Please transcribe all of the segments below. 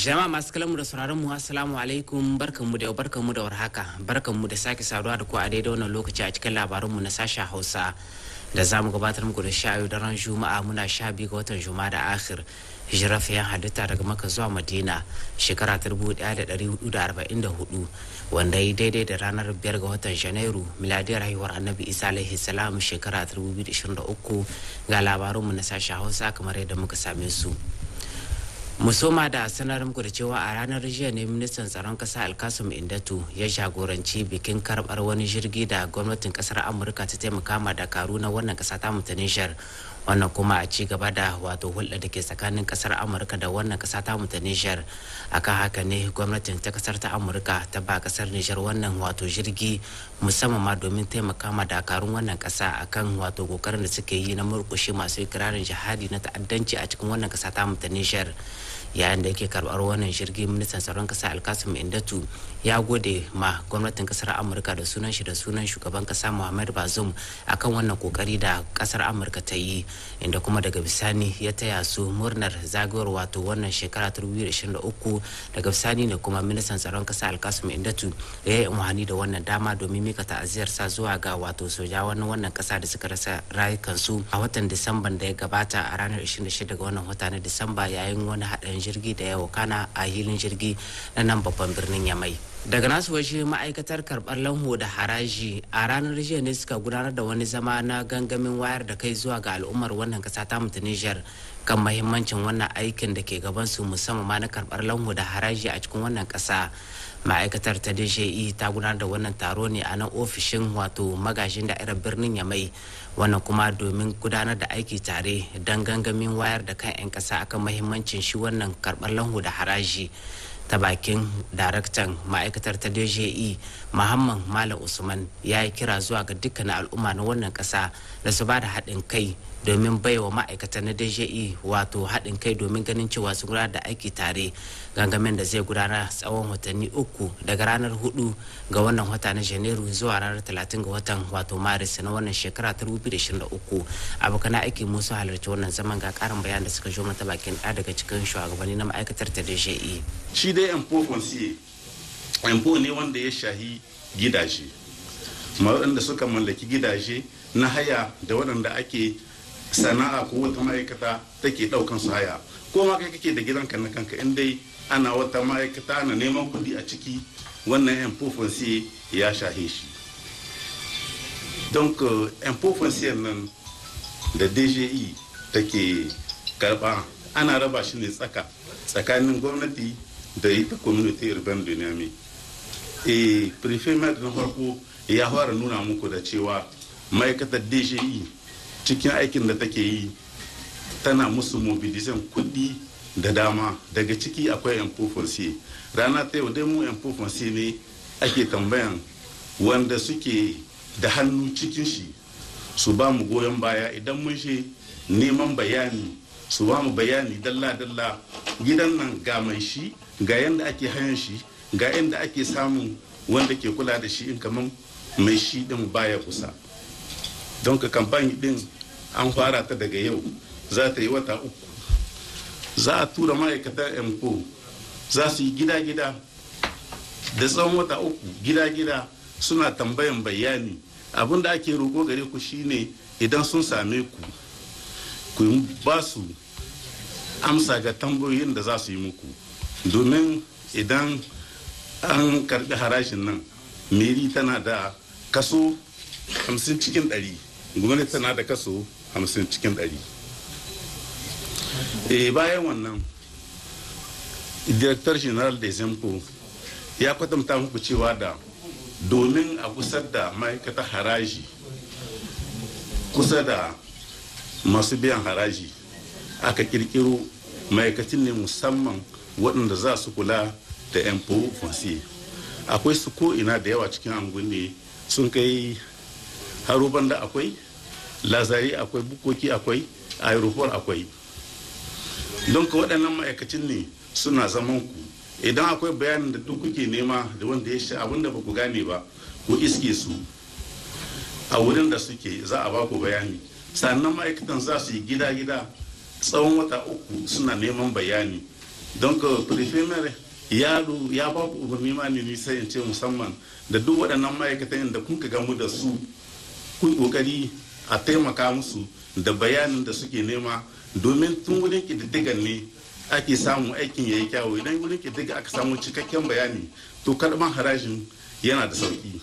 Jama'a masu kalamu da sauraron mu assalamu alaikum barkanmu da barkanmu da warhaka barkanmu da sake saduwa da ku a daidai wannan lokaci a cikin mu na sashen Hausa da za mu gabatar muku da sha'ayu da ran Juma'a muna sha biyu ga watan Juma'a da akhir jirafiyan halitta daga maka zuwa madina shekara ta 1444 wanda ya daidai da ranar biyar ga watan janairu miladiyar haihuwar annabi isa alaihi salam shekara ta 2023 ga labarunmu na sashen hausa kamar yadda muka same su. musoma da sanar muku da cewa a ranar jiya ne ministan tsaron kasa alkasum indatu ya jagoranci bikin karbar wani jirgi da gwamnatin kasar amurka ta taimaka ma dakaru na wannan kasa ta mutanen wannan kuma a ci gaba da wato hulɗa da ke tsakanin kasar amurka da wannan kasa ta ta nijar akan haka ne gwamnatin ta kasar ta amurka ta ba kasar nijar wannan wato jirgi musamman ma domin taimaka ma dakarun wannan kasa akan wato kokarin da suke yi na murkushe masu ikirarin jihadi na ta'addanci a cikin wannan kasa ta ta nijar yayin da yake karbar wannan shirgi ministan tsaron kasa alkasim indatu ya gode ma gwamnatin kasar amurka da sunan shi da sunan shugaban kasa muhammad bazum akan wannan kokari da kasar amurka ta yi inda kuma daga bisani ya taya su murnar zagayowar wato wannan shekara 2023 daga bisani ne kuma ministan tsaron kasa alkasim indatu ya yi umarni da wannan dama domin mika ta'aziyar sa zuwa ga wato sojawan wannan kasa da suka rasa rayukansu a watan disamban da ya gabata a ranar 26 ga wannan wata na disamba yayin wani haɗin Jergi jirgi da yawo kana a hilin jirgi na nan babban birnin yamai daga nasu waje ma'aikatar karɓar lanho da haraji a ranar jiya ne suka gudanar da wani zama na gangamin wayar da kai zuwa ga al'ummar wannan kasa ta nijar kan mahimmancin wannan aikin da ke gabansu musamman ma na karɓar lanho da haraji a cikin wannan kasa ma'aikatar ta DJE ta gudanar da wannan taro ne a nan ofishin wato magajin da'irar birnin Yamai wannan kuma domin gudanar da aiki tare don gangamin wayar da kan 'yan kasa akan mahimmancin shi wannan karɓar lanho da haraji ta bakin daraktan ma'aikatar ta dje muhammad malam usman ya yi kira zuwa ga dukkan al'umma na wannan kasa da su ba da haɗin kai domin baiwa ma'aikata na DJE wato haɗin kai domin ganin cewa sun gudanar da aiki tare gangamin da zai gudana tsawon watanni uku daga ranar hudu ga wannan wata na janairu zuwa ranar talatin ga watan wato maris na wannan shekara ta 2023 abokan aiki musu halarci wannan zaman ga karin bayan da suka zo mata bakin ɗaya daga cikin shugabanni na ma'aikatar ta DJE. Shi dai Empo Consiye, Empo ne wanda ya shahi gidaje, waɗanda suka mallaki gidaje na haya da waɗanda ake sana'a ko wata ma'aikata take daukan su haya ko ma kai kake da gidan na kanka in dai ana wata ma'aikata na neman kuɗi a ciki wannan yan ya shahe shi don yan nan da dji e take karba ana raba shi ne tsaka tsakanin gwamnati da ita community urban dynamic e prefect na farko ya fara nuna muku da cewa ma'aikatar dji cikin aikin da take yi tana musu mobilizan kuɗi da dama daga ciki akwai empofonsi rana ta yau dai mu empofonsi ne ake tambayan wanda suke da hannu cikin shi su ba mu goyon baya idan mun shi neman bayani su ba mu bayani dalla-dalla gidan nan ga mai shi ga yadda ake hayan shi ga yadda ake samun wanda ke kula da shi in kamar mai shi din baya kusa don ka kamfani din an fara ta daga yau za ta yi wata uku za a tura ma'aikatan mko za su yi gida-gida da tsawon wata uku gida-gida suna tambayan bayani abinda ake roko gare ku shine idan sun same ku ku ba su amsa ga tambayoyin da za su yi muku domin idan an karbi harashin nan meri tana da kaso 50 cikin 100 gwamnati tana da kaso 50 cikin 100 eh, bayan wannan director general da zempo ya kwatanta muku cewa da domin a kusar da ma'aikatar haraji kusa da masu biyan haraji aka kirkiro ma'aikacin ne musamman waɗanda za su kula da 'yan akwai su ko ina da yawa cikin anguni sun kai haruban da akwai lazari akwai bukoki akwai aeroport akwai don ka waɗannan ma'aikacin ne suna zaman ku idan akwai bayanin da duk kuke nema da wanda ya sha abin da ba ku gane ba ku iske su a wurin da suke za a ba ku bayani sannan ma'aikatan za su yi gida-gida tsawon wata uku suna neman bayani don ka prefemere yaro ya ba ku umarni ma ne nisa in ce musamman da duk waɗannan ma'aikatan da kun ka gamu da su ku kokari a taimaka musu da bayanin da suke nema domin tun wurin kididdigan ne ake samun aikin ya yi kyawu idan wurin ƙididdiga aka samu cikakken bayani to karɓar harajin yana da sauƙi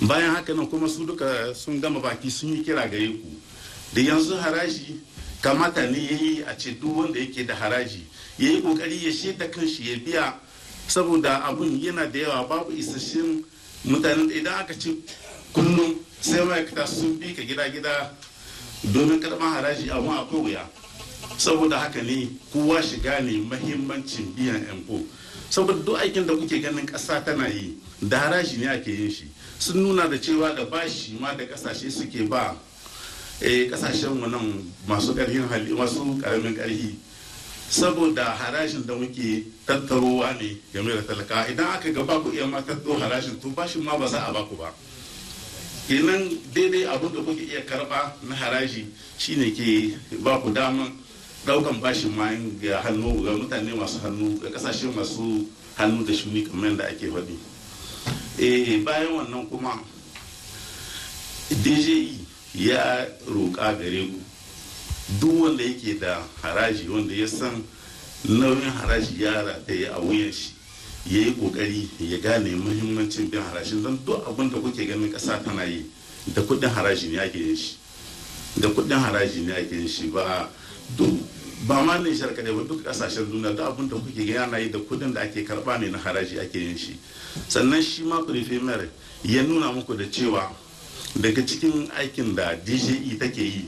bayan haka nan kuma su duka sun gama baki sun yi kira gare ku da yanzu haraji kamata ne ya yi a ce duk wanda yake da haraji ya yi ƙoƙari ya shaida shi ya biya saboda abun yana da yawa babu isasshen mutanen idan aka ce kullum sai ma'aikata sun bi ka gida-gida domin karɓar haraji amma akwai wuya saboda haka ne kowa shiga ne mahimmancin biyan yanko saboda duk aikin da kuke ganin ƙasa tana yi da haraji ne ake yin shi sun nuna da cewa da bashi ma da ƙasashe suke ba eh, ƙasashen mu nan masu ƙarfin hali masu ƙaramin ƙarfi saboda harashin da muke tattarowa ne game da talaka idan aka ga baku iya ma tattaro harashin to bashin ma ba za a baku ba kenan daidai abin da kuke iya karba na haraji shine ke ba ku daman daukan bashin mayan ga hannu ga mutane masu hannu ga kasashe masu hannu da shuni kamar da ake faɗi eh bayan wannan kuma dji e ya roƙa gare ku duk wanda yake da haraji wanda ya san nauyin haraji ya rataye a wuyan shi ya yi kokari ya gane muhimmancin bin harashin don duk abin da kuke ganin ƙasa tana yi da kuɗin haraji ne ake yin shi da kuɗin haraji ne ake yin shi ba duk ba ma ne shar ba duk kasashen duniya duk abin da kuke ga yana yi da kuɗin da ake karba ne na haraji ake yin shi sannan shi ma prefimer ya nuna muku da cewa daga cikin aikin da dje take yi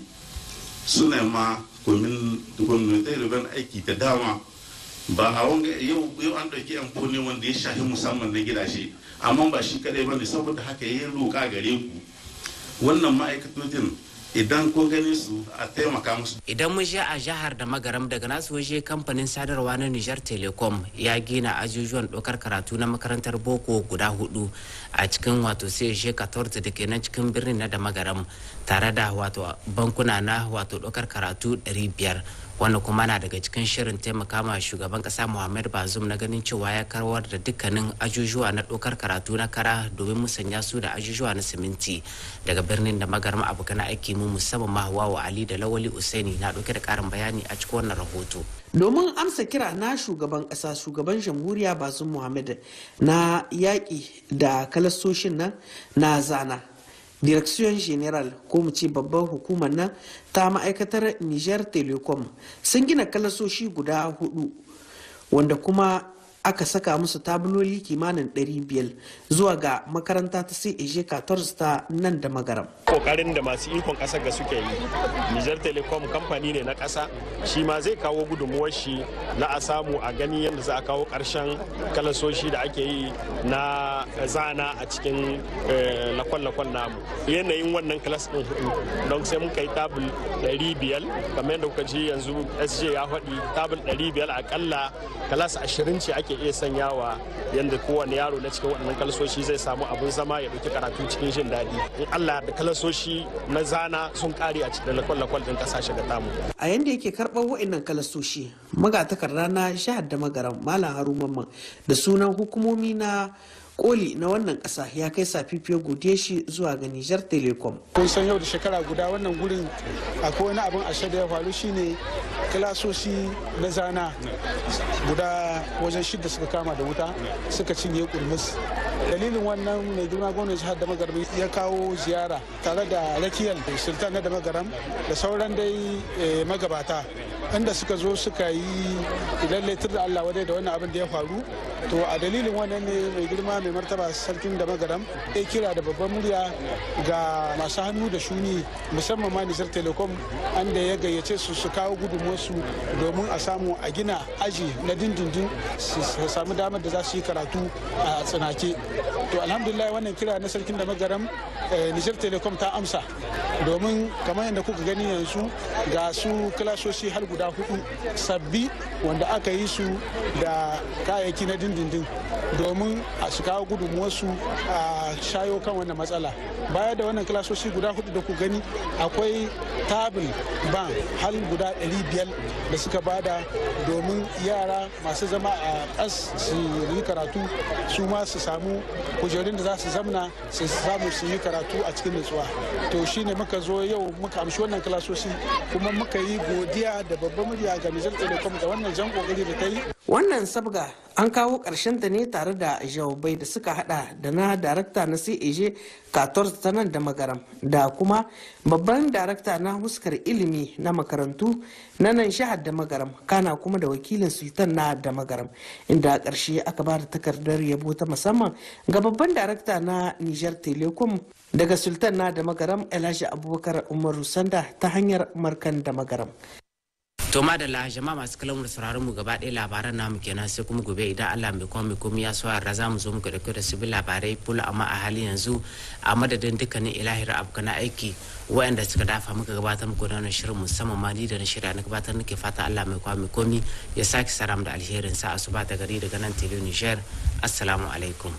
suna ma gwamnatai ruben aiki da dama ba a wanga yau yau an ɗauki yanko ne wanda ya shafi musamman na gidaje amma ba shi kadai ba ne saboda haka ya roƙa gare ku wannan ma'aikatocin idan ko gani su a taimaka musu. Idan mun sha a jihar da magaram daga nasu waje kamfanin sadarwa na niger Telecom ya gina ajujuwan dokar karatu na makarantar boko guda hudu a cikin wato sai 14 da ke cikin birnin na da magaram tare da wato bankuna na wato dokar karatu 500 wanda kuma na daga cikin shirin taimaka ma shugaban kasa muhammad bazum na ganin cewa ya karwar da dukkanin ajujuwa na dokar karatu na kara domin musanya su da ajujuwa na siminti daga birnin da magarma abokan aiki mu musamman mahawawa ali da lawali usaini na ɗauke da karin bayani a cikin wannan rahoto domin amsa kira na shugaban kasa shugaban jamhuriya bazum muhammad na yaƙi da kalasoshin nan na zana direction general ko mu ce babban hukumar nan ta ma'aikatar niger telecom sun gina kalasoshi guda hudu wanda kuma aka saka musu tabuloli kimanin 500 zuwa ga makaranta ta sai eje ta nan da magaram kokarin da masu ikon kasar ga suke yi nijar telecom kamfani ne na kasa shi ma zai kawo gudunmuwar shi na a samu a gani yadda za a kawo karshen kalasoshi da ake yi na zana a cikin eh, lakwal-lakwal namu yanayin wannan kalas din hudu don sai muka yi tabul 500 kamar yadda kuka ji yanzu sj ya faɗi tabul 500 akalla kalas 20 ce ake ake iya sanyawa yadda kowane yaro na cikin waɗannan kalasoshi zai samu abin zama ya ɗauki karatu cikin jin daɗi in allah da kalasoshi na zana sun ƙare a cikin lakwal-lakwal ɗin ƙasa shiga tamu. a yadda yake karɓar waɗannan kalasoshi magatakarda na shahar da magaram malam haruman da sunan hukumomi na koli na wannan kasa ya kai safifiyo godiya shi zuwa ga nijar telecom kun san yau da shekara guda wannan gurin akwai wani abin ashe da ya faru shine kilasoshi na zana guda wajen shida suka kama da wuta suka cinye kurmus dalilin wannan mai girma gwamnan jihar da magarbi ya kawo ziyara tare da rakiyar sultan na da magaram da sauran dai eh, magabata inda suka zo suka yi lallai laitar da Allah wadai da wani abin da ya faru to a dalilin wannan ne mai girma mai martaba sarkin da magaram ya kira da babban murya ga masu hannu da shuni musamman ma Nijar Telecom anda ya gayyace su su kawo gudunmuwarsu domin a samu a gina aji na dindindin su samu damar da za su yi karatu a tsinake to alhamdulillah wannan kira na sarkin da magaram eh, Nijar Telecom ta amsa domin kamar yadda kuka gani yanzu ga su kilasoshi har guda guda hudu sabbi wanda aka yi su da kayayyaki na dindindin domin a su kawo gudunmuwarsu a shayo kan wannan matsala baya da wannan kilasoshi guda hudu da ku gani akwai tabil ban hal guda 500 da suka bada domin yara masu zama a kas su yi karatu su ma su samu kujerun da za su zamna su samu su yi karatu a cikin nutsuwa to shine muka zo yau muka amshi wannan kilasoshi kuma muka yi godiya da babban murya ga Nijar Telecom da wannan jan kokari da ta yi. Wannan sabga an kawo ƙarshen ta ne tare da jawabai da suka hada da na darakta na CAG 14 ta nan da magaram da kuma babban darakta na huskar ilimi na makarantu na nan shahar da magaram kana kuma da wakilin sultan na da magaram inda a ƙarshe aka ba da takardar yabo ta musamman ga babban darakta na Nijar Telecom daga sultan na da magaram Elijah Abubakar Umaru Sanda ta hanyar markan da magaram. to ma da jama'a masu kalamar sauraron mu gaba ɗaya labaran namu kenan sai kuma gobe idan Allah mai kuma mai ya so yarda za mu zo mu ga da su bi labarai full amma a halin yanzu a madadin dukkanin ilahira abu na aiki waɗanda suka dafa muka gabatar muku da wannan shirin musamman ma ni da na shirya na gabatar nake fata Allah mai kwa mai komi ya sake mu da alherin sa asuba ta gari daga nan tele Niger assalamu alaikum